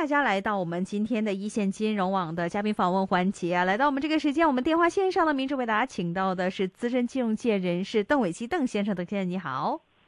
大家來到我們今天的一線金融網的嘉賓訪問環節啊，來到我們這個時間，我們電話線上的名字為大家請到的是資深金融界人士鄧偉基鄧先生，鄧先生你好。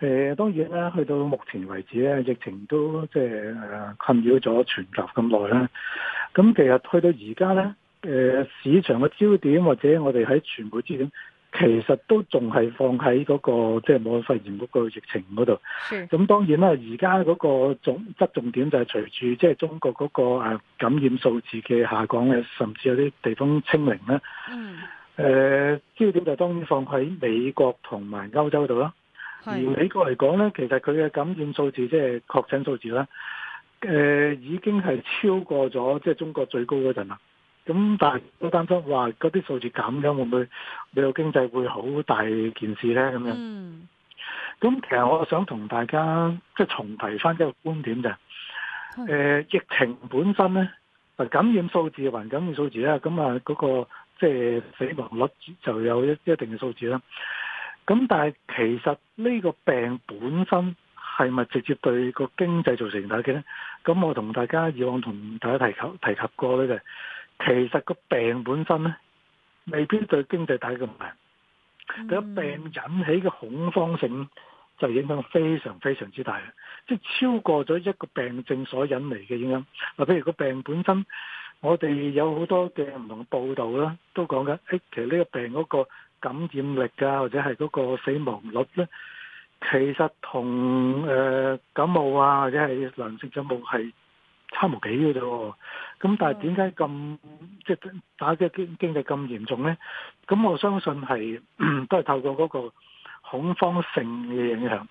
誒，當然啦，去到目前為止咧，疫情都即係誒困擾咗全球咁耐啦。咁其實去到而家咧，誒、呃、市場嘅焦點或者我哋喺全部焦點，其實都仲係放喺嗰、那個即係武漢肺炎嗰個疫情嗰度。咁當然啦，而家嗰個重側重點就係隨住即係中國嗰個誒感染數字嘅下降咧，甚至有啲地方清零啦。嗯。誒、呃，焦點就當然放喺美國同埋歐洲度啦。是 而美國嚟講咧，其實佢嘅感染數字即係、就是、確診數字咧，誒、呃、已經係超過咗即係中國最高嗰陣啦。咁但係都擔心話嗰啲數字減咗會唔會美國經濟會好大件事咧？咁樣。嗯。咁其實我想同大家、嗯、即係重提翻一個觀點嘅：係、呃。疫情本身咧，感染數字還係感染數字咧，咁啊嗰個即係、就是、死亡率就有一一定嘅數字啦。咁但係其實呢個病本身係咪直接對個經濟造成打擊呢？咁我同大家以往同大家提及提及過呢，就係，其實個病本身呢，未必對經濟大咁唔題。但係病引起嘅恐慌性就影響非常非常之大嘅，即超過咗一個病症所引嚟嘅影響。嗱，譬如個病本身，我哋有好多嘅唔同嘅報道啦，都講緊，誒，其實呢個病嗰個。感染力啊，或者係嗰個死亡率咧，其實同誒感冒啊或者係糧食感冒係差無幾嘅啫。咁但係點解咁即係打嘅經經濟咁嚴重咧？咁我相信係都係透過嗰個恐慌性嘅影響。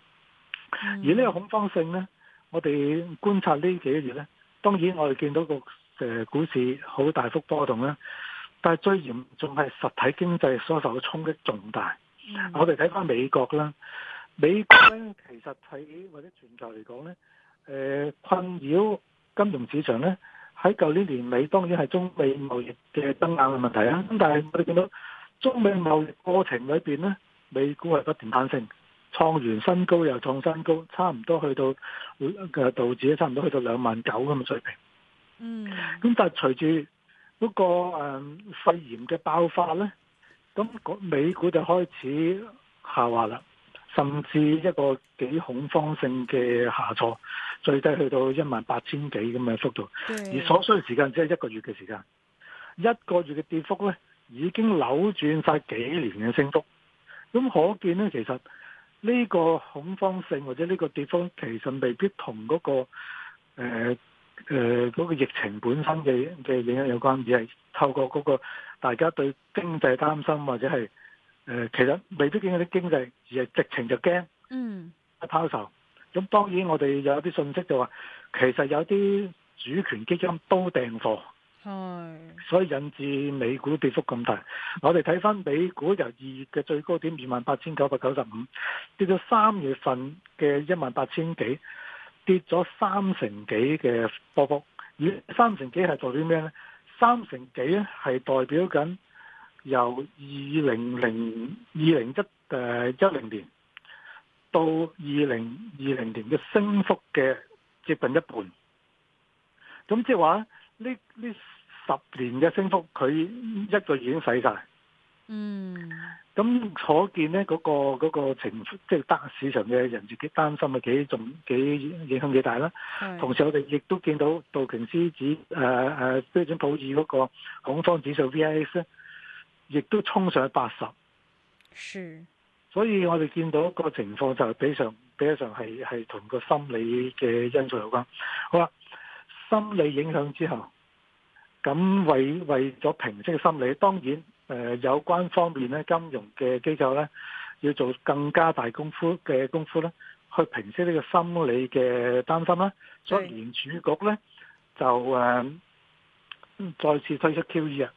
而呢個恐慌性咧，我哋觀察呢幾個月咧，當然我哋見到個誒股市好大幅波動咧。但係最嚴重係實體經濟所受嘅衝擊重大。我哋睇翻美國啦，美國咧其實係或者全球嚟講咧，誒困擾金融市場咧，喺舊年年尾當然係中美貿易嘅爭拗嘅問題啦。咁但係我哋見到中美貿易過程裏邊咧，美股係不斷攀升，創完新高又創新高，差唔多去到嘅道指差唔多去到兩萬九咁嘅水平。嗯。咁但係隨住。嗰個肺炎嘅爆發呢，咁美股就開始下滑啦，甚至一個幾恐慌性嘅下挫，最低去到一萬八千幾咁嘅幅度，而所需的時間只係一個月嘅時間，一個月嘅跌幅呢已經扭轉晒幾年嘅升幅，咁可見呢，其實呢個恐慌性或者呢個跌幅，其實未必同嗰、嗰個、呃誒嗰、呃那個疫情本身嘅嘅影響有關，而係透過嗰個大家對經濟擔心，或者係誒、呃、其實未必見到啲經濟，而係直情就驚，嗯，一拋售。咁當然我哋有啲信息就話，其實有啲主權基金都訂貨，係，是的 所以引致美股跌幅咁大。我哋睇返美股由二月嘅最高點二萬八千九百九十五，跌到三月份嘅一萬八千幾。跌咗三成幾嘅波幅，三成幾係代表咩咧？三成幾咧係代表緊由二零零二零一誒一零年到二零二零年嘅升幅嘅接近一半，咁即係話呢呢十年嘅升幅，佢一個月已經使晒。嗯，咁所見呢，嗰、嗰個嗰、嗰個情，即係擔市場嘅人自己擔心啊，幾重幾影響幾大啦。是同時我哋亦都見到道瓊斯指，誒誒標準普爾嗰個恐慌指數 VIX 咧，亦都衝上去八十。是所以我哋見到個情況就係比上比上係係同個心理嘅因素有關。好啦，心理影響之後，咁為為咗平息心理，當然。誒、呃，有關方面咧，金融嘅機構咧，要做更加大功夫嘅功夫咧，去平息呢個心理嘅擔心啦。對所以聯儲局咧就誒、呃、再次推出 QE 啊，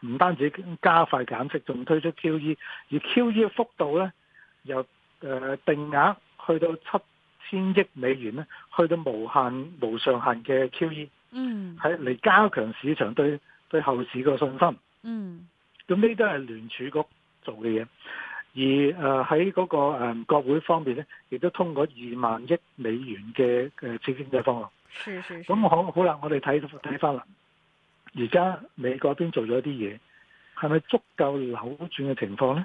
唔單止加快減息，仲推出 QE，而 QE 嘅幅度咧由誒、呃、定額去到七千億美元咧，去到無限無上限嘅 QE，嗯，係嚟加強市場對對後市嘅信心。嗯，咁呢啲都係聯儲局做嘅嘢，而誒喺嗰個誒國會方面咧，亦都通過二萬億美元嘅嘅刺激經濟方案。是是是。咁好好啦，我哋睇睇翻啦，而家美國邊做咗啲嘢，係咪足夠扭轉嘅情況咧？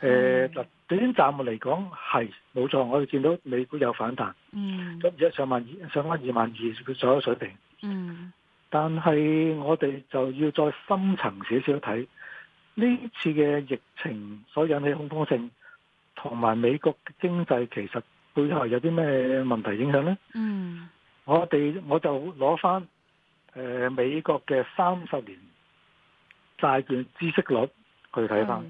誒，嗱，短暫嚟講係冇錯，我哋見到美股有反彈。嗯。咁而家上萬二，上翻二萬二佢所有水平。嗯。但係我哋就要再深層少少睇呢次嘅疫情所引起恐慌性，同埋美國經濟其實背後有啲咩問題影響呢？嗯、mm.，我哋我就攞翻誒美國嘅三十年債券孳息率去睇翻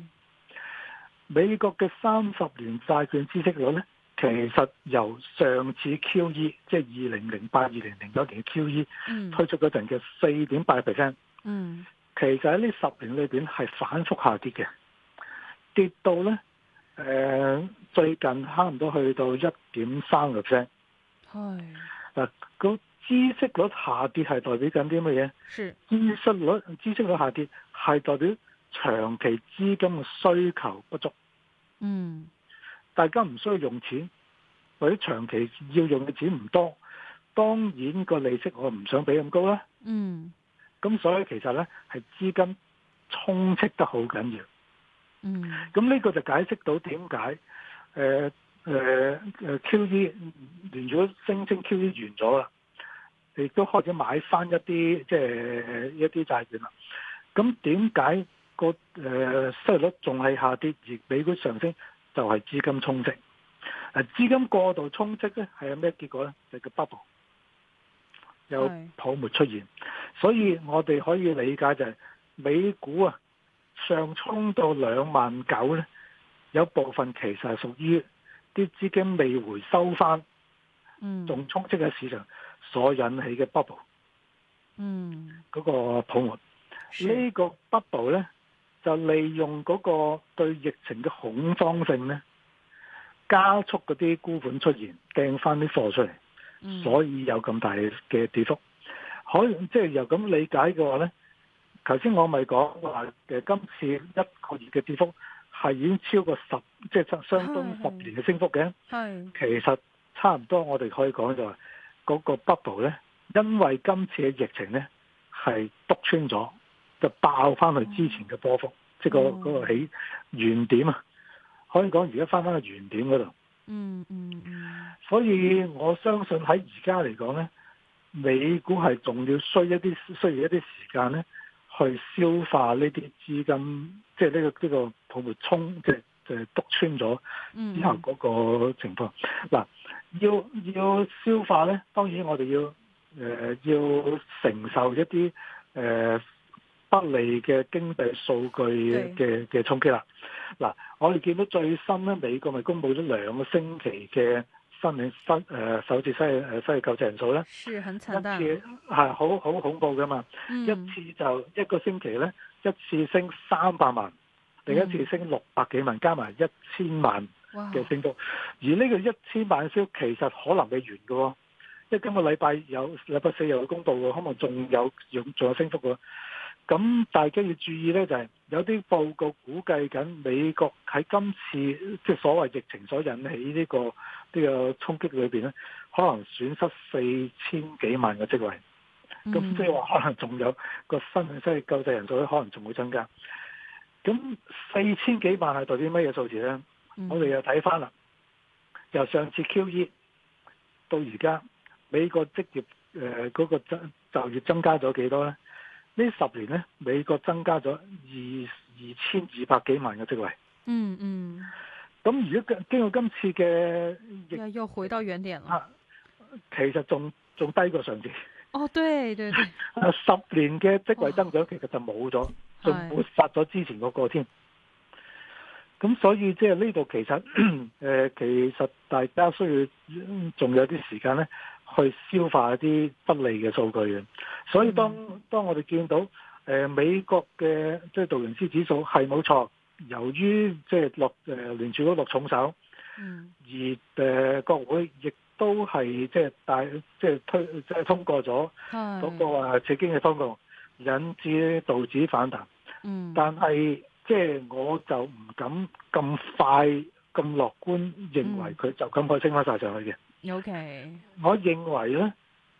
美國嘅三十年債券孳息率呢。Mm. 其實由上次 QE，即係二零零八、二零零九年嘅 QE、嗯、推出嗰陣嘅四點八 percent，其實喺呢十年裏邊係反覆下跌嘅，跌到咧，誒、呃、最近差唔多去到一點三個 percent。係嗱，是個孳息率下跌係代表緊啲乜嘢？是孳息率孳息是率下跌係代表長期資金嘅需求不足。嗯。大家唔需要用錢，或者長期要用嘅錢唔多，當然個利息我唔想俾咁高啦、啊。嗯，咁所以其實咧係資金充斥得好緊要。嗯，咁呢個就解釋到點解誒誒誒 QE 連咗聲稱 QE 完咗啦，亦都開始買翻一啲即係一啲債券啦。咁點解個誒收益率仲係下跌而美股上升？就係資金充斥，誒資金過度充斥咧，係有咩結果咧？就叫、是、bubble，有泡沫出現。是所以我哋可以理解就係、是、美股啊上衝到兩萬九咧，有部分其實係屬於啲資金未回收返，仲充斥喺市場所引起嘅 bubble，嗯，嗰個泡沫是這個呢個 bubble 咧。就利用嗰個對疫情嘅恐慌性咧，加速嗰啲沽盤出現，掟翻啲貨出嚟，所以有咁大嘅跌幅。嗯、可即係、就是、由咁理解嘅話咧，頭先我咪講話，誒今次一個月嘅跌幅係已經超過十，是是是即係相相當十年嘅升幅嘅。係是其實差唔多，我哋可以講就係、是、嗰、嗰個 bubble 咧，因為今次嘅疫情咧係篤穿咗。就爆翻去之前嘅波幅，嗯、即係個嗰個起原點啊。可以講，而家翻翻去原點嗰度、嗯。嗯嗯。所以我相信喺而家嚟講咧，美股係仲要需一啲需要一啲時間咧，去消化呢啲資金，即係呢個呢、呢個泡沫衝即係篤穿咗之後嗰個情況。嗱、嗯，要要消化咧，當然我哋要、呃、要承受一啲不利嘅經濟數據嘅嘅衝擊啦。嗱對，我哋見到最新咧，美國咪公布咗兩個星期嘅新領新誒首次新誒失業救濟人數咧，是很慘淡，一次係好好恐怖嘅嘛。嗯、一次就一個星期咧，一次升三百萬，另一次升六百幾萬，加埋一千萬嘅升幅。哇而呢個一千萬升幅其實可能未完嘅喎，哦，因為今個禮拜有禮拜四又有的公布喎，可能仲有有仲有升幅喎。咁大家要注意咧，就係有啲報告估計緊美國喺今次即係所謂疫情所引起呢個呢個衝擊裏邊，咧，可能損失四千幾萬嘅職位、mm。咁、hmm。即係話可能仲有個新嘅失業救濟人數咧，可能仲會增加。咁四千幾萬係代表乜嘢數字咧？Mm hmm. 我哋又睇翻啦，由上次 QE 到而家，美國職業嗰個就業增加咗幾多咧？呢十年呢，美國增加咗二二千二百幾萬嘅職位。嗯嗯。咁如果經經過今次嘅，又回到原點啦、啊。其實仲仲低過上次。哦，對對，對 十年嘅職位增長其實就冇咗，仲抹殺咗之前嗰個添。咁是所以即係呢度其實誒，其實大家需要仲有啲時間呢。去消化一啲不利嘅數據。嘅，所以當、嗯、當我哋見到、呃、美國嘅即係道瓊斯指數係冇錯，由於即係落誒聯儲局落重手，嗯，而誒、呃、國會亦都係即係即推即、即係、通過咗嗰個啊刺激經濟嘅方案，引致道指反彈。嗯，但係即係我就唔敢咁快咁樂觀認為佢、嗯、就咁快升翻晒上去嘅。O.K.，我認為咧，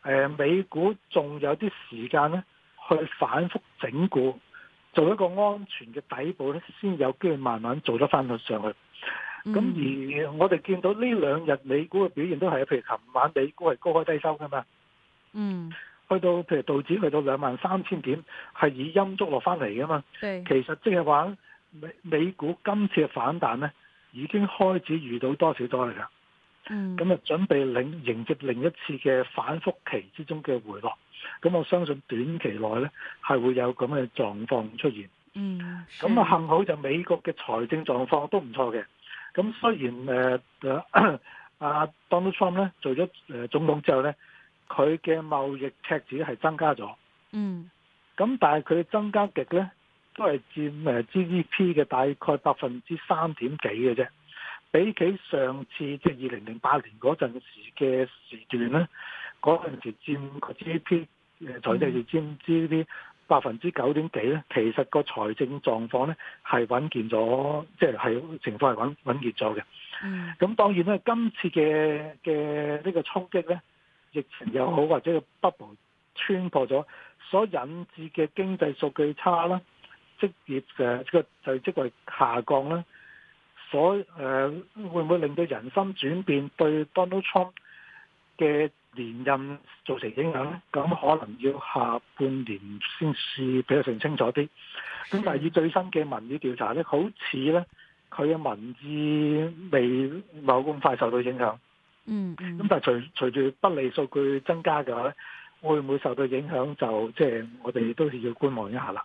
誒美股仲有啲時間咧，去反覆整固，做一個安全嘅底部咧，先有機會慢慢做得翻落上去。咁而我哋見到呢兩日美股嘅表現都係，譬如琴晚美股係高開低收噶嘛，嗯，去到譬如道指去到兩萬三千點，係以陰燭落翻嚟噶嘛，對其實即係話美美股今次嘅反彈咧，已經開始遇到多少多嚟啦。咁啊，嗯、準備領迎接另一次嘅反覆期之中嘅回落，咁我相信短期內咧係會有咁嘅狀況出現。嗯，咁啊，幸好就美國嘅財政狀況都唔錯嘅。咁雖然誒、呃、啊 Donald Trump 咧做咗誒總統之後咧，佢嘅貿易赤字係增加咗。嗯，咁但係佢增加極咧，都係佔誒 GDP 嘅大概百分之三點幾嘅啫。比起上次即係二零零八年嗰陣時嘅時段咧，嗰陣時佔 GDP 誒財政係佔 GDP 百分之九點幾咧，其實個財政狀況咧係穩健咗，即係係情況係穩穩健咗嘅。嗯。咁當然咧，今次嘅嘅呢個衝擊咧，疫情又好或者 bubble 穿破咗，所引致嘅經濟數據差啦，職業嘅呢個就係職位下降啦。所以、呃、會唔會令到人心轉變，對 Donald Trump 嘅連任造成影響咧？咁可能要下半年先至比較成清楚啲。咁但係以最新嘅民意調查咧，好似咧佢嘅民意未冇咁快受到影響。嗯。咁但係隨隨住不利數據增加嘅話，會唔會受到影響？就即係、就係、我哋都係要觀望一下啦。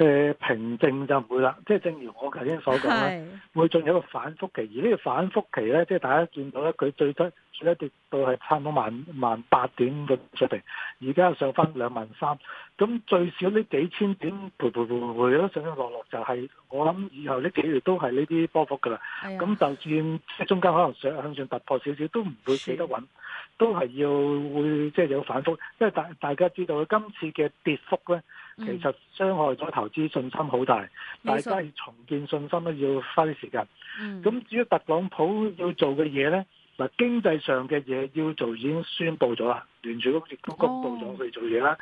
嘅平靜就唔會啦，即係正如我頭先所講啦，是會進入一個反覆期。而呢個反覆期咧，即係大家見到咧，佢最低最跌到係差唔多萬萬八點嘅水平，而家上翻兩萬三。咁最少呢幾千點，陪陪陪陪都上上落落，就係我諗以後呢幾月都係呢啲波幅噶啦。咁就算中間可能上向上突破少少，都唔會企得穩，是都係要會即係有反覆。因為大大家知道，今次嘅跌幅咧。嗯、其實傷害咗投資信心好大，大家要重建信心都要花啲時間。咁、嗯、至於特朗普要做嘅嘢咧，嗱經濟上嘅嘢要做已經宣布咗啦，聯儲局亦都公布咗佢做嘢啦，哦、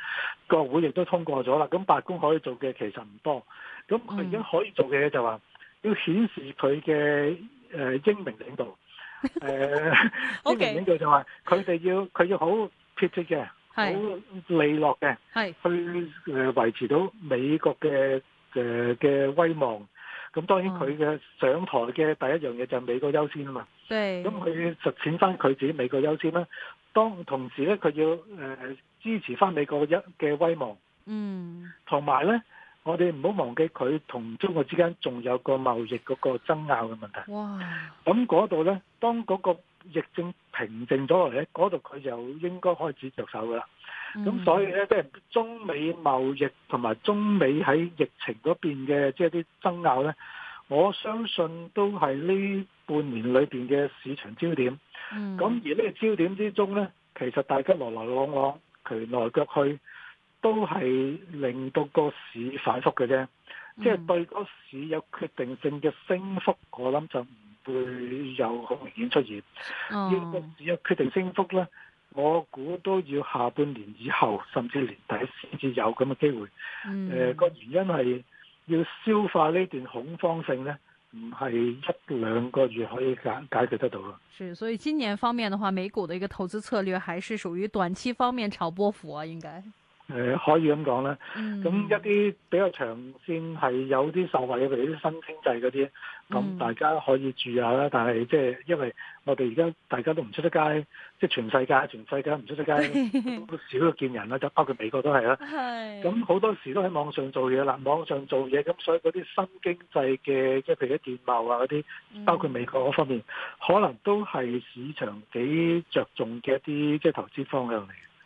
國會亦都通過咗啦。咁白宮可以做嘅其實唔多，咁佢而家可以做嘅嘢就話要顯示佢嘅誒英明領導，誒英明領導就話佢哋要佢要好決斷嘅，好是利落嘅，是去誒維持到美國嘅誒嘅威望。咁當然佢嘅上台嘅第一樣嘢就係美國優先啊嘛。咁佢對實踐翻佢自己美國優先啦。當同時咧，佢要誒、呃、支持翻美國一嘅威望。嗯，同埋咧，我哋唔好忘記佢同中國之間仲有個貿易嗰個爭拗嘅問題。哇！咁嗰度咧，當嗰、嗰個。疫症平靜咗落嚟嗰度，佢就應該開始着手㗎喇。咁所以咧，即係、嗯、中美貿易同埋中美喺疫情嗰邊嘅即係啲爭拗咧，我相信都係呢半年裏邊嘅市場焦點。咁、嗯、而呢個焦點之中咧，其實大家來來往往，佢來腳去，都係令到個市反覆嘅啫。即係、嗯、對個市有決定性嘅升幅，我諗就。會有好明顯出現，oh. 要個決定升幅咧，我估都要下半年以後，甚至年底先至有咁嘅機會。誒、mm. 呃，個原因係要消化呢段恐慌性咧，唔係一兩個月可以解解決得到。是，所以今年方面的話，美股的一個投資策略還是屬於短期方面炒波幅啊，應該。呃、可以咁講啦，咁、嗯、一啲比較長線係有啲受惠嘅，譬如啲新經濟嗰啲，咁大家可以住下啦。嗯、但係即係因為我哋而家大家都唔出得街，即、就、係、是、全世界全世界唔出得街， 都少咗見人啦，就包括美國都係啦。咁好多時都喺網上做嘢啦，網上做嘢咁，所以嗰啲新經濟嘅即係譬如啲電貿啊嗰啲，包括美國嗰是方面，嗯、可能都係市場幾着重嘅一啲即係投資方向嚟。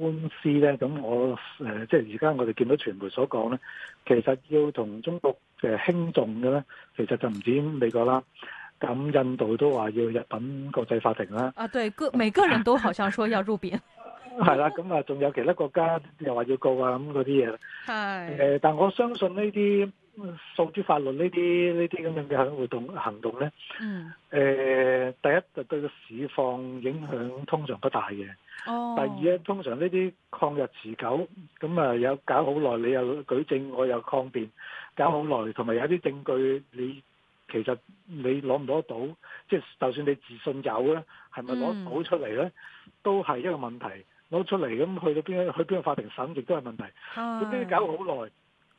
官司咧，咁我誒、呃、即係而家我哋見到傳媒所講咧，其實要同中國誒輕重嘅咧，其實就唔止美國啦，咁印度都話要入稟國際法庭啦。啊，對，個每個人都好像說要入稟。係啦， 咁啊，仲有其他國家又話要告啊，咁嗰啲嘢。係。誒，但我相信呢啲。訴諸法律呢啲呢啲咁樣嘅活動行動咧，誒、嗯呃、第一就對個市況影響通常不大嘅。哦、第二咧，通常呢啲抗日持久咁啊，有搞好耐，你又舉證，我又抗辯，搞好耐，同埋有啲證據你其實你攞唔攞得到，即、就、係、是、就算你自信有咧，係咪攞唔到出嚟咧，嗯、都係一個問題。攞出嚟咁去到邊去邊個法庭審，亦都係問題。咁都、哦、搞好耐。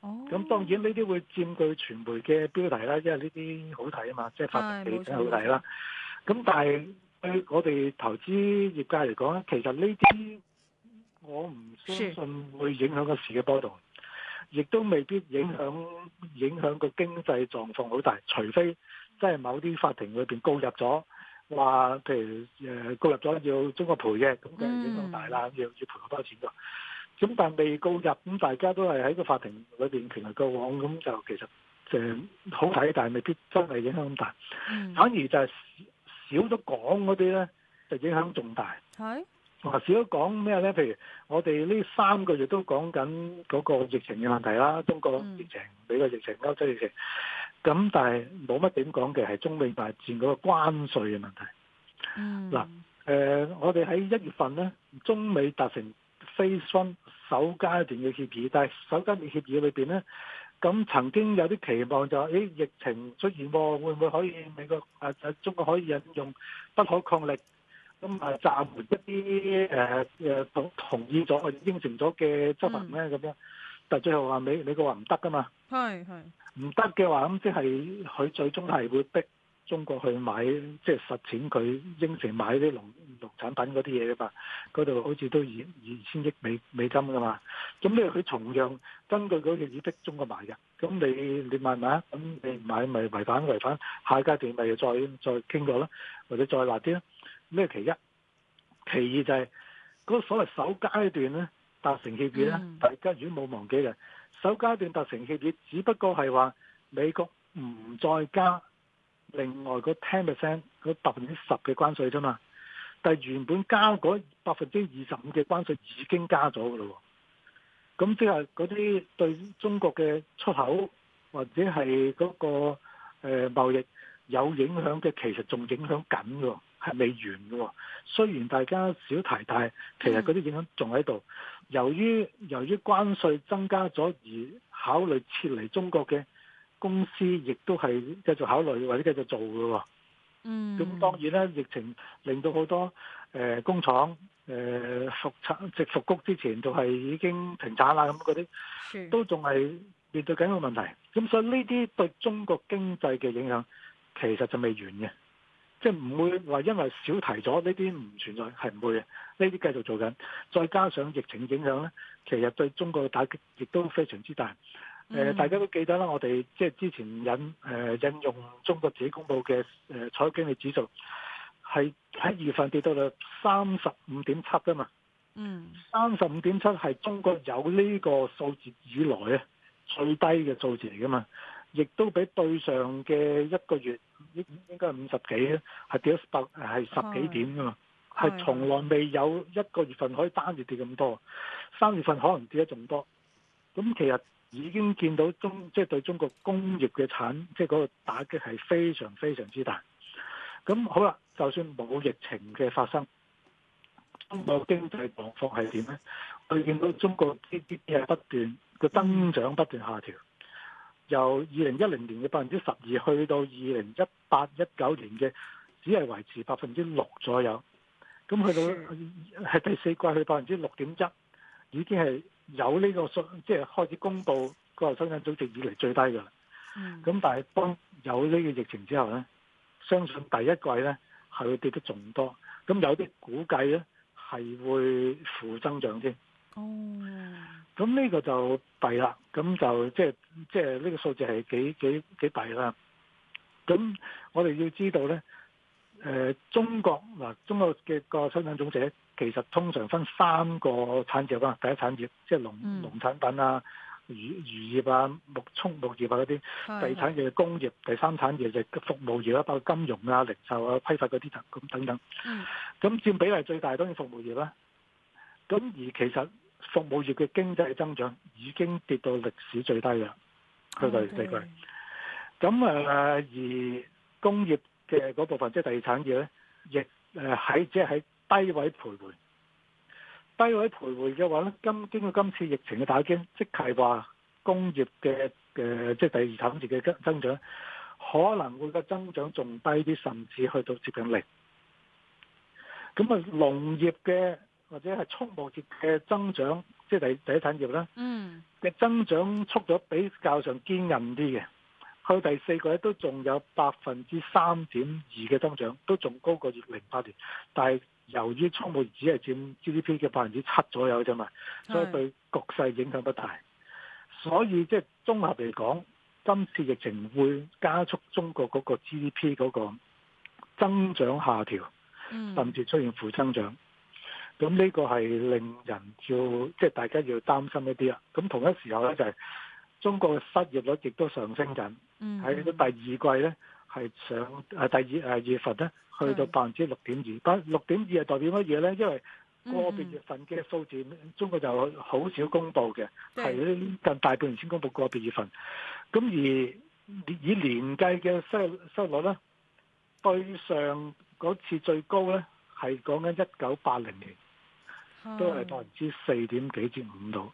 咁、哦、當然呢啲會佔據傳媒嘅標題啦，因為呢啲好睇啊嘛，即係法庭好睇啦。咁、哎、但係對我哋投資業界嚟講，其實呢啲我唔相信會影響個市嘅波動，亦是都未必影響、嗯、影響個經濟狀況好大。除非即係某啲法庭裏邊告入咗話，譬如誒、呃、告入咗要中國賠嘅，咁梗係影響大啦、嗯，要要賠好多錢㗎。咁但係未告入，咁大家都係喺個法庭裏邊權衡過往，咁就其實誒好睇，但係未必真係影響咁大。Mm. 反而就係少咗講嗰啲咧，就影響重大。係話、mm. 少咗講咩咧？譬如我哋呢三個月都講緊嗰個疫情嘅問題啦，中國疫情、mm. 美國疫情、歐洲疫情。咁但係冇乜點講嘅係中美大戰嗰個關稅嘅問題。嗱、mm.，誒、呃，我哋喺一月份咧，中美達成。非信首階段嘅協議，但係首階段嘅協議裏邊咧，咁曾經有啲期望就話，誒、哎、疫情出現，會唔會可以美國啊啊中國可以引用不可抗力，咁啊暫緩一啲誒誒同同意咗、應承咗嘅執行咧咁樣，嗯、但係最後話美美國話唔得噶嘛，係係唔得嘅話，咁即係佢最終係會逼。中國去買即係、就是、實踐佢應承買啲農農產品嗰啲嘢啊嘛，嗰度好似都二二千億美美金噶嘛。咁咧佢同樣根據嗰條協議，中國買嘅。咁你你買唔買？咁你唔買咪違反違反。下階段咪要再再傾過啦，或者再話啲啦。咩？其一，其二就係、是、嗰、那個、所謂首階段咧達成協議咧，大家如果冇忘記嘅首階段達成協議，嗯、協議只不過係話美國唔再加。另外嗰 ten percent，百分之十嘅關稅啫嘛，但係原本加嗰百分之二十五嘅關稅已經加咗嘅咯，咁即係嗰啲對中國嘅出口或者係嗰個誒貿易有影響嘅，其實仲影響緊嘅，係未完嘅。雖然大家少提提，但其實嗰啲影響仲喺度。由於由於關稅增加咗而考慮撤離中國嘅。公司亦都係繼續考慮或者繼續做嘅喎。嗯。咁當然啦，疫情令到好多誒工廠誒復產即復工之前就係已經停產啦，咁嗰啲都仲係面對緊個問題。咁所以呢啲對中國經濟嘅影響其實就未完嘅，即係唔會話因為少提咗呢啲唔存在係唔會嘅，呢啲繼續做緊。再加上疫情影響咧，其實對中國嘅打擊亦都非常之大。誒，嗯、大家都記得啦，我哋即係之前引誒引用中國自己公布嘅誒採購經理指數，係喺二月份跌到去三十五點七噶嘛。嗯。三十五點七係中國有呢個數字以來啊最低嘅數字嚟噶嘛，亦都比對上嘅一個月應應該係五十幾啊，係跌咗百係十幾點噶嘛，係、哎、從來未有一個月份可以單月跌咁多，三月份可能跌得仲多。咁其實。已經見到中即係、就是、對中國工業嘅產即係嗰個打擊係非常非常之大。咁好啦，就算冇疫情嘅發生，中國的經濟狀況係點咧？我見到中國呢啲嘢不斷個增長不斷下調，由二零一零年嘅百分之十二去到二零一八一九年嘅只係維持百分之六左右。咁去到係第四季去到百分之六點一，已經係。有呢個數即係、就是、開始公布個生產總值以嚟最低嘅，咁、嗯、但係當有呢個疫情之後咧，相信第一季咧係會跌得仲多，咁有啲估計咧係會負增長添。哦、嗯，咁呢個就弊啦，咁就即係即係呢個數字係幾幾幾弊啦。咁我哋要知道咧，誒、呃、中國嗱中國嘅個生產總值。其實通常分三個產業吧，第一產業即係農農產品啊、漁漁業啊、牧畜、木業啊嗰啲；第二產業、工業、第三產業就服務業啦，包括金融啊、零售啊、批發嗰啲就等等。咁佔、嗯、比例最大當然服務業啦。咁而其實服務業嘅經濟增長已經跌到歷史最低啦，去到地句。咁而工業嘅嗰部分即係第二產業咧，亦誒喺即係喺。就係低位徘徊，低位徘徊嘅話咧，今經過今次疫情嘅打擊，即係話工業嘅嘅即係第二產業嘅增增長，可能會個增長仲低啲，甚至去到接近零。咁啊，農業嘅或者係畜牧業嘅增長，即係第第一產業啦。嗯。嘅增長速度比較上堅韌啲嘅，去第四季都仲有百分之三點二嘅增長，都仲高過二零零八年，但係。由於畜牧只係佔 GDP 嘅百分之七左右啫嘛，所以對局勢影響不大。所以即係綜合嚟講，今次疫情會加速中國嗰個 GDP 嗰個增長下調，甚至出現負增長。咁呢個係令人要即係大家要擔心一啲啊。咁同一時候咧就係中國嘅失業率亦都上升緊，喺第二季咧。係上，誒，第二，誒，二月份咧，去到百分之六點二，但六點二係代表乜嘢咧？因為個別月份嘅數字，嗯、中國就好少公布嘅，係是是近大半年先公布個別月份。咁而以年計嘅收收入咧，對上嗰次最高咧，係講緊一九八零年，都係百分之四點幾至五度。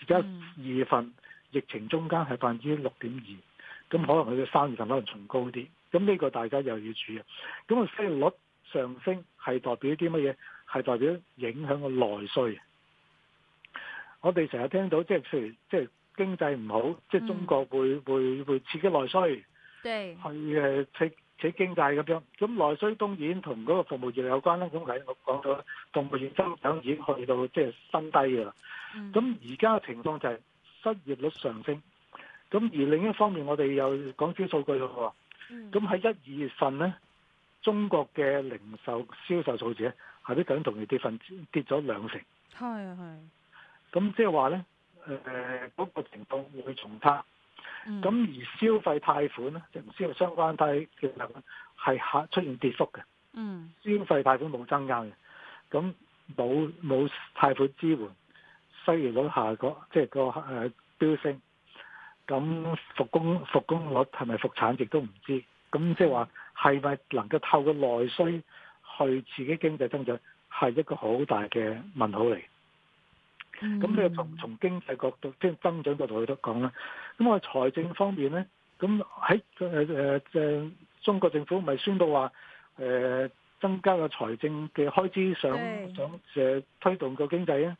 而家二月份疫情中間係百分之六點二，咁可能佢嘅三月份可能重高啲。咁呢個大家又要注意。咁啊，失業率上升係代表啲乜嘢？係代表影響個內需。我哋成日聽到即係譬如即係經濟唔好，即、就、係、是、中國會、嗯、會會刺激內需。對。去誒促促經濟咁樣。咁內需當然同嗰個服務業有關啦。咁係我講到啦，服務業增長已經去到即係新低嘅啦。咁而家嘅情況就係失業率上升。咁而另一方面，我哋又講出數據嘞喎。咁喺一、二、嗯、月份咧，中國嘅零售銷售數字咧，後屘等同於跌份跌咗兩成。係啊係。咁即係話咧，誒嗰、呃那個程度會重差。咁、嗯、而消費貸款咧，即係唔消費相關貸嘅能力係出現跌幅嘅。嗯。消費貸款冇增加嘅，咁冇冇貸款支援，收益率下個即係、就是那個誒、呃、飆升。咁復工復工率係咪復產亦都唔知，咁即係話係咪能夠透過內需去刺激經濟增長，係一個好大嘅問號嚟。咁你又從從經濟角度即係增長角度去講啦。咁我財政方面咧，咁喺誒中國政府唔係宣佈話增加個財政嘅開支，想想推動個經濟呢？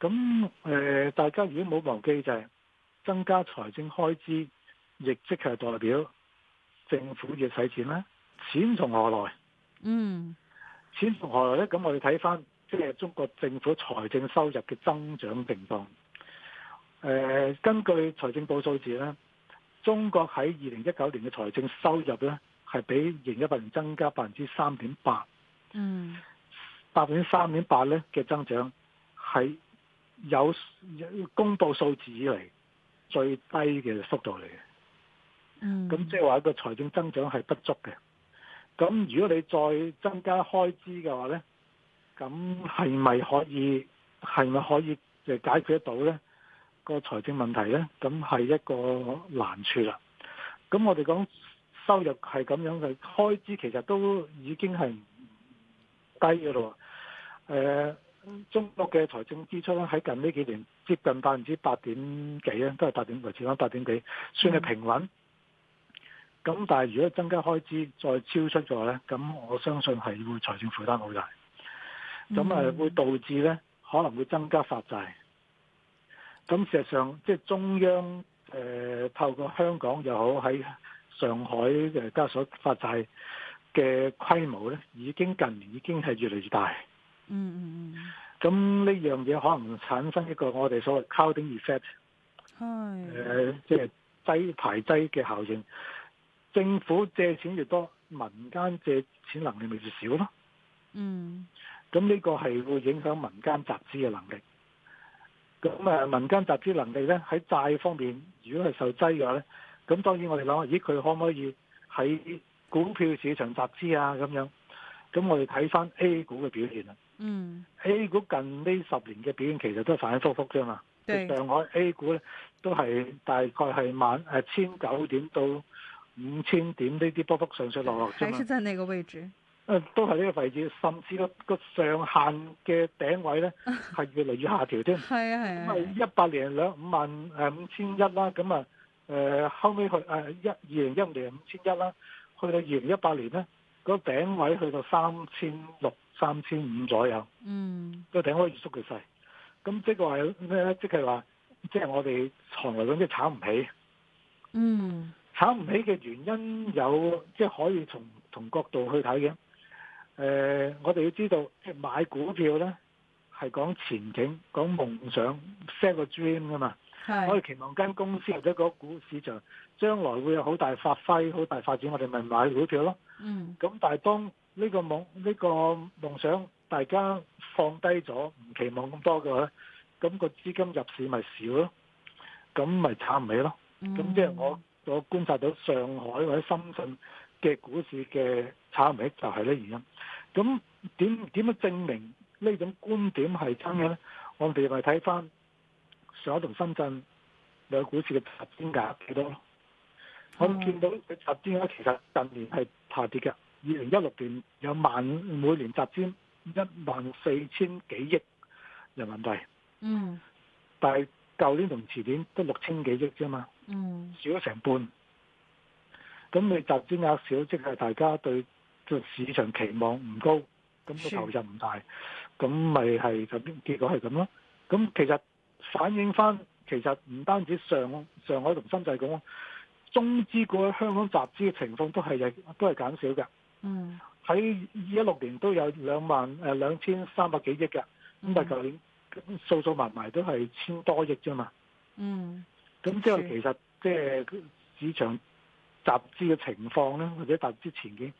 咁誒，大家如果冇忘記就係、是。增加財政開支，亦即係代表政府要使錢啦。錢從何來？嗯，mm. 錢從何來呢？咁我哋睇翻即係中國政府財政收入嘅增長情況、呃。根據財政部數字呢，中國喺二零一九年嘅財政收入呢係比二零一八年增加百分之三點八。嗯、mm.，百分之三點八呢嘅增長係有公佈數字以嚟，最低嘅速度嚟嘅，嗯，咁即係話個財政增長係不足嘅，咁如果你再增加開支嘅話咧，咁係咪可以係咪可以就解決得到咧個財政問題咧？咁係一個難處啦。咁我哋講收入係咁樣嘅，開支其實都已經係低嘅咯，誒、呃。中國嘅財政支出咧，喺近呢幾年接近百分之八點幾咧，都係八點維持翻八點幾，算係平穩。咁、嗯、但係如果增加開支再超出咗咧，咁我相信係會財政負擔好大。咁啊，會導致咧可能會增加發債。咁事實上，即係中央誒、呃、透過香港又好喺上海嘅交易所發債嘅規模咧，已經近年已經係越嚟越大。嗯嗯嗯，咁呢、mm hmm. 樣嘢可能產生一個我哋所謂 crowding effect，係、mm，誒、hmm. 呃，即係擠排擠嘅效應。政府借錢越多，民間借錢能力咪越少咯。嗯、mm，咁、hmm. 呢個係會影響民間集資嘅能力。咁誒，民間集資能力咧喺債方面，如果係受擠嘅話咧，咁當然我哋諗下，咦，佢可唔可以喺股票市場集資啊？咁樣，咁我哋睇翻 A 股嘅表現啊。嗯，A 股近呢十年嘅表現其實都係反反復復啫嘛。對，上海 A 股咧都係大概係萬誒千九點到五千點呢啲波幅上上落落。還是在那個位置。誒,都係呢個位置，甚至個個上限嘅頂位咧係越嚟越下調添。係啊係啊。咁啊，一八年兩五萬誒五千一啦，咁啊誒後尾去誒一二零一五年五千一啦，去到二零一八年咧，個頂位去到三千六。三千五左右，嗯，都頂可以縮佢細。咁即係話咩咧？即係話，即係我哋行嚟總之炒唔起。嗯，炒唔起嘅原因有，即係可以從同，同角度去睇嘅。誒，我哋要知道，即係買股票咧係講前景、講夢想、set 個 dream 噶嘛。係。我哋期望間公司或者個股市場將來會有好大發揮、好大發展，我哋咪買股票咯。嗯。咁但係當呢個夢呢、呢個夢想，大家放低咗，唔期望咁多嘅話咧，咁、個資金入市咪少咯，咁咪炒唔起咯。咁即係我我觀察到上海或者深圳嘅股市嘅炒唔起就，就係呢原因。咁點點樣證明呢種觀點係真嘅咧？我哋咪睇翻上海同深圳兩股市嘅十天價幾多？我見到佢十天價其實近年係下跌嘅。二零一六年有萬每年集資一萬四千幾億人民幣，嗯，但係舊年同前年得六千幾億啫嘛，嗯，少咗成半，咁你集資額少，即係大家對個市場期望唔高，咁個投入唔大，咁咪係就結果係咁咯。咁其實反映返，其實唔單止上上海同深圳咁，中資股喺香港集資嘅情況都係都係減少嘅。嗯，喺一六年都有兩萬誒兩千三百幾億嘅，咁但係舊年數數埋埋都係千多億啫嘛。嗯，咁之後其實即係市場集資嘅情況咧，或者集資前景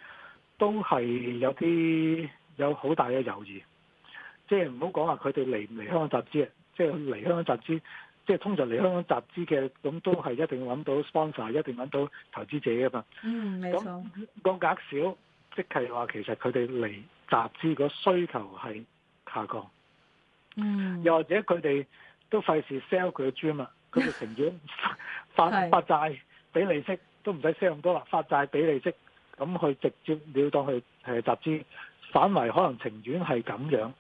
都係有啲有好大嘅猶豫。即係唔好講話佢哋嚟唔嚟香港集資啊！即係嚟香港集資，即係通常嚟香港集資嘅咁都係一定揾到 sponsor，一定揾到投資者噶嘛。嗯，沒錯。個額少。即係話，是其實佢哋嚟集資個需求係下降，嗯，又或者佢哋都費事 sell 佢嘅專嘛，佢哋情願發 是 發債俾利息，都唔使 sell 咁多啦，發債俾利息，咁佢直接了當去集資反為可能情願係咁樣，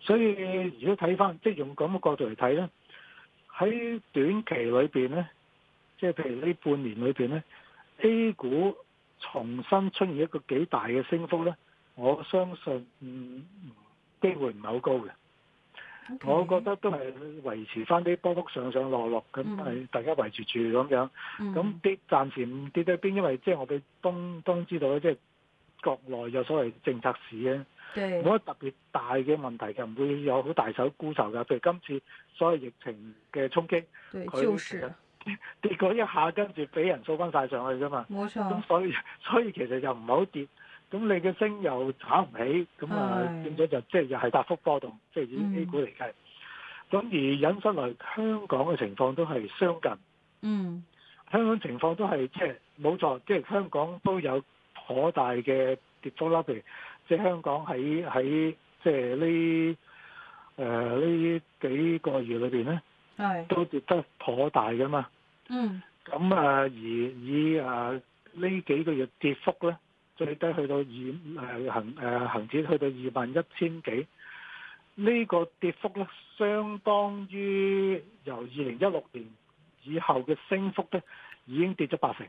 所以如果睇翻即係用咁嘅角度嚟睇咧，喺短期裏邊咧，即係譬如呢半年裏邊咧，A 股。重新出現一個幾大嘅升幅咧，我相信、嗯、機會唔係好高嘅。Okay, 我覺得都係維持返啲波幅上上落落咁，係、嗯、大家圍住住咁樣。咁跌、嗯、暫時唔跌得邊，因為即係我哋都都知道咧，即、就、係、是、國內有所謂政策市咧，冇乜對特別大嘅問題就唔會有好大手沽售嘅。譬如今次所謂疫情嘅衝擊，佢，跌嗰一下，跟住俾人掃翻晒上去啫嘛，冇錯。咁所以所以其實就唔係好跌，咁你嘅升又炒唔起，咁啊變咗就即係是又係大幅波動，即係以 A 股嚟計。咁，嗯，而引申嚟香港嘅情況都係相近。嗯，香港情況都係即係冇錯，即係香港都有頗大嘅跌幅啦。譬如即係香港喺喺即係呢誒呢幾個月裏邊咧。係都跌得頗大嘅嘛，嗯，咁啊而以啊呢幾個月跌幅咧，最低去到二誒恆誒恆指去到二萬一千幾，呢個跌幅咧相當於由二零一六年以後嘅升幅咧已經跌咗八成，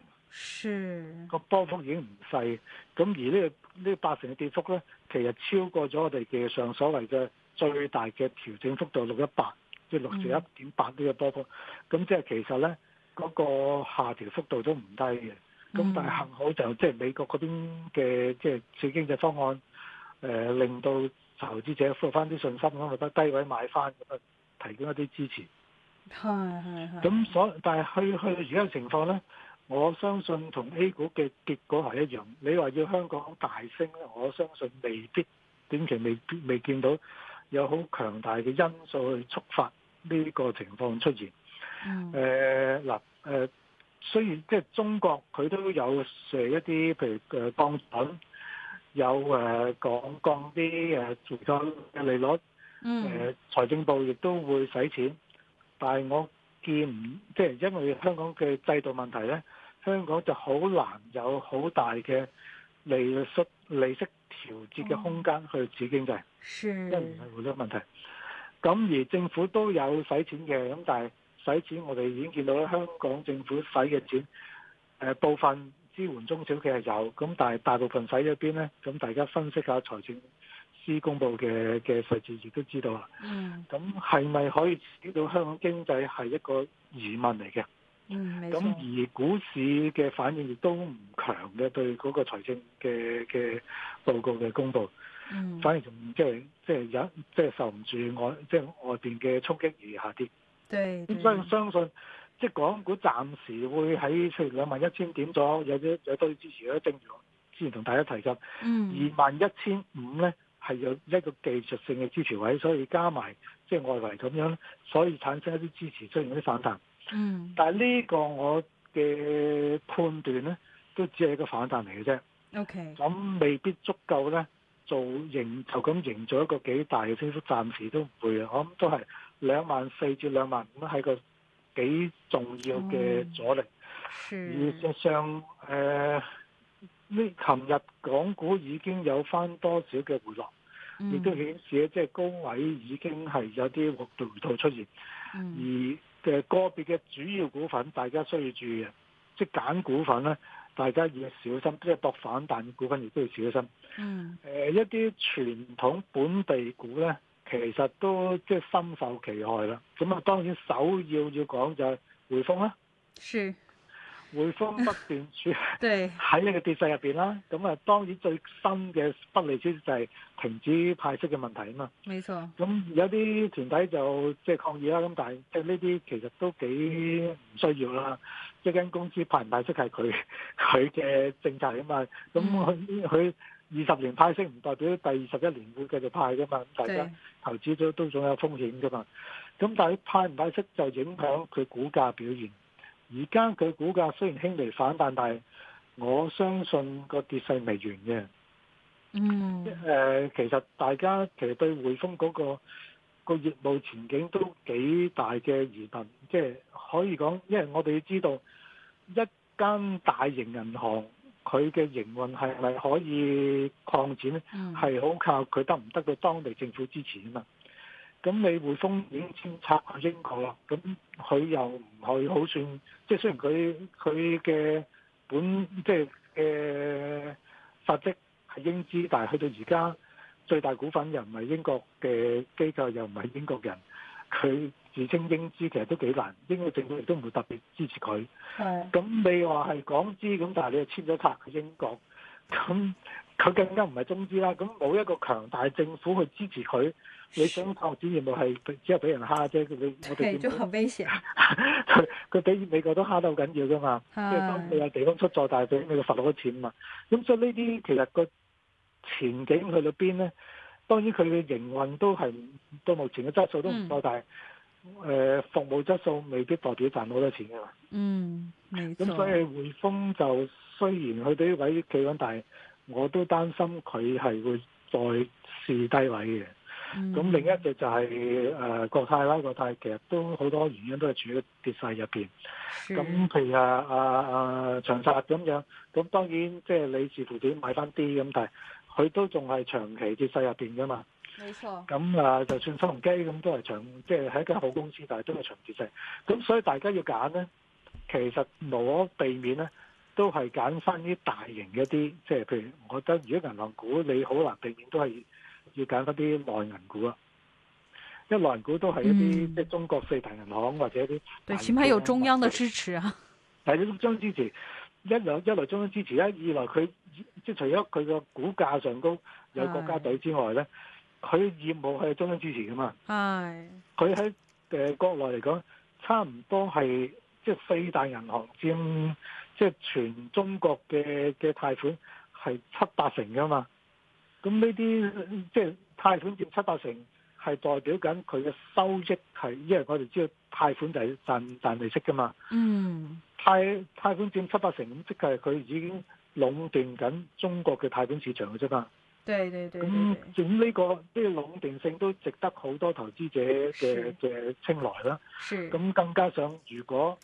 個係波幅已經唔細，咁而呢個呢個八成嘅跌幅咧，其實超過咗我哋嘅上所謂嘅最大嘅調整幅度六一八。即係六十一點八呢個波幅，咁、嗯、即係其實咧，嗰、那個下調幅度都唔低嘅。咁、嗯、但係幸好就即係美國嗰邊嘅即係刺激經濟方案，誒、呃、令到投資者復翻啲信心咁，覺得低位買翻，提供一啲支持。係係係。咁所，但係去去而家嘅情況咧，我相信同 A 股嘅結果係一樣。你話要香港大升咧，我相信未必短期未未見到有好強大嘅因素去觸發。呢個情況出現，誒嗱誒，雖然即係中國佢都有誒一啲譬如誒降、呃、準，有誒降降啲誒存款嘅利率，誒、呃、財政部亦都會使錢，但係我見唔即係因為香港嘅制度問題咧，香港就好難有好大嘅利率利息調節嘅空間去指經濟，嗯、是 因唔係匯率問題。咁而政府都有使錢嘅，咁但係使錢我哋已經見到香港政府使嘅錢，誒部分支援中小企係有，咁但係大部分使咗邊呢？咁大家分析下財政司公佈嘅嘅細節，亦都知道啦。嗯。咁係咪可以知道到香港經濟係一個疑問嚟嘅？嗯，咁而股市嘅反應亦都唔強嘅，對嗰個財政嘅嘅報告嘅公佈。反而仲即係即係有即係受唔住外即係、就是、外邊嘅衝擊而下跌，咁所以相信即係、就是、港股暫時會喺出現兩萬一千點左右，有有多啲支持嘅。正如我之前同大家提及，二萬一千五咧係有一個技術性嘅支持位，所以加埋即係外圍咁樣，所以產生一啲支持，出現一啲反彈。嗯，但係呢個我嘅判斷咧，都只係一個反彈嚟嘅啫。O.K. 咁未必足夠咧。做營就咁營造一個幾大嘅升幅，暫時都唔會，我諗都係兩萬四至兩萬五係個幾重要嘅阻力。事、mm. 實上，誒呢琴日港股已經有翻多少嘅回落，亦、mm. 都顯示即係高位已經係有啲回落出現。Mm. 而嘅個別嘅主要股份，大家需要注意嘅。即係揀股份咧，大家要小心，即係搏反彈股份，亦都要小心。嗯、mm. 呃，誒一啲傳統本地股咧，其實都即係、就是、深受其害啦。咁啊，當然首要要講就係匯豐啦。是。匯豐不斷輸喺呢個跌勢入邊啦，咁啊，當然最新嘅不利消息就係停止派息嘅問題啊嘛。冇錯錯，咁有啲團體就即係抗議啦，咁但係即係呢啲其實都幾唔需要啦。嗯、一間公司派唔派息係佢佢嘅政策啊嘛。咁佢佢二十年派息唔代表第二十一年會繼續派噶嘛。對大家投資都都仲有風險噶嘛。咁對但係派唔派息就影響佢股價表現。而家佢股價雖然輕微反彈，但係我相信個跌勢未完嘅。嗯。誒，其實大家其實對匯豐嗰個業務前景都幾大嘅疑問，即係可以講，因為我哋要知道一間大型銀行佢嘅營運係咪可以擴展係好、mm. 靠佢得唔得嘅當地政府支持啊嘛。咁你匯豐已經簽冊去英國啦，咁佢又唔去，好算，即係雖然佢佢嘅本即係嘅、呃、法則係英資，但係去到而家最大股份又唔係英國嘅機構，又唔係英國人，佢自稱英資其實都幾難。英國政府亦都唔會特別支持佢。係。咁你話係港資，咁但係你又簽咗冊去英國，咁佢更加唔係中資啦。咁冇一個強大政府去支持佢。你想拓展業務係只有俾人蝦啫，佢我哋見到，係就好危險。佢佢俾美國都蝦得好緊要噶嘛，即係的當你有地方出錯，但係俾美國罰好多錢嘛。咁所以呢啲其實個前景去到邊咧？當然佢嘅營運都係，到目前嘅質素都唔錯，嗯、但係誒服務質素未必代表賺好多錢㗎嘛。嗯，咁所以匯豐就雖然佢俾位企穩，但係我都擔心佢係會再試低位嘅。咁、嗯、另一隻就係誒國泰啦，國泰其實都好多原因都係處於跌勢入邊。咁譬如啊啊啊長實咁樣，咁當然即係你似乎自己點買翻啲咁，但係佢都仲係長期跌勢入邊噶嘛。冇錯。咁啊，就算新鴻基咁都係長，即係係一間好公司，但係都係長期跌勢。咁所以大家要揀咧，其實無可避免咧，都係揀翻啲大型一啲，即係譬如，我覺得如果銀行股，你好難避免都係。要揀嗰啲內銀股啊，因為內銀股都係一啲即係中國四大銀行或者啲。對，而且有中央的支持啊。第一,一來中央支持，一來一來中央支持咧，二來佢即係除咗佢個股價上高有國家隊之外咧，佢業務係中央支持噶嘛。係、哎。佢喺誒國內嚟講，差唔多係即係四大銀行佔即係、就是、全中國嘅嘅貸款係七八成噶嘛。咁呢啲即係貸款佔七八成，係代表緊佢嘅收益係，因為我哋知道貸款就係賺賺利息㗎嘛。嗯，貸貸款佔七八成，咁即係佢已經壟斷緊中國嘅貸款市場嘅啫嘛。對對對，咁咁呢個啲、呢個、壟斷性都值得好多投資者嘅嘅是青睞啦。咁是更加想如果。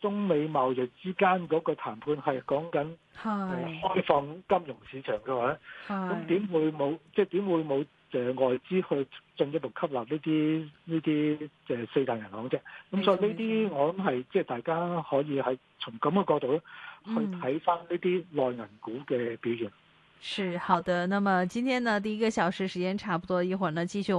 中美貿易之間嗰個談判係講緊開放金融市場嘅話咧，咁點，是的，會冇即係點會冇誒、呃、外資去進一步吸納呢啲呢啲誒四大銀行啫？咁所以呢啲我諗係即係大家可以喺從咁嘅角度去睇翻呢啲內銀股嘅表現。是好的，那麼今天呢第一個小時時間差不多，一會兒呢繼續我。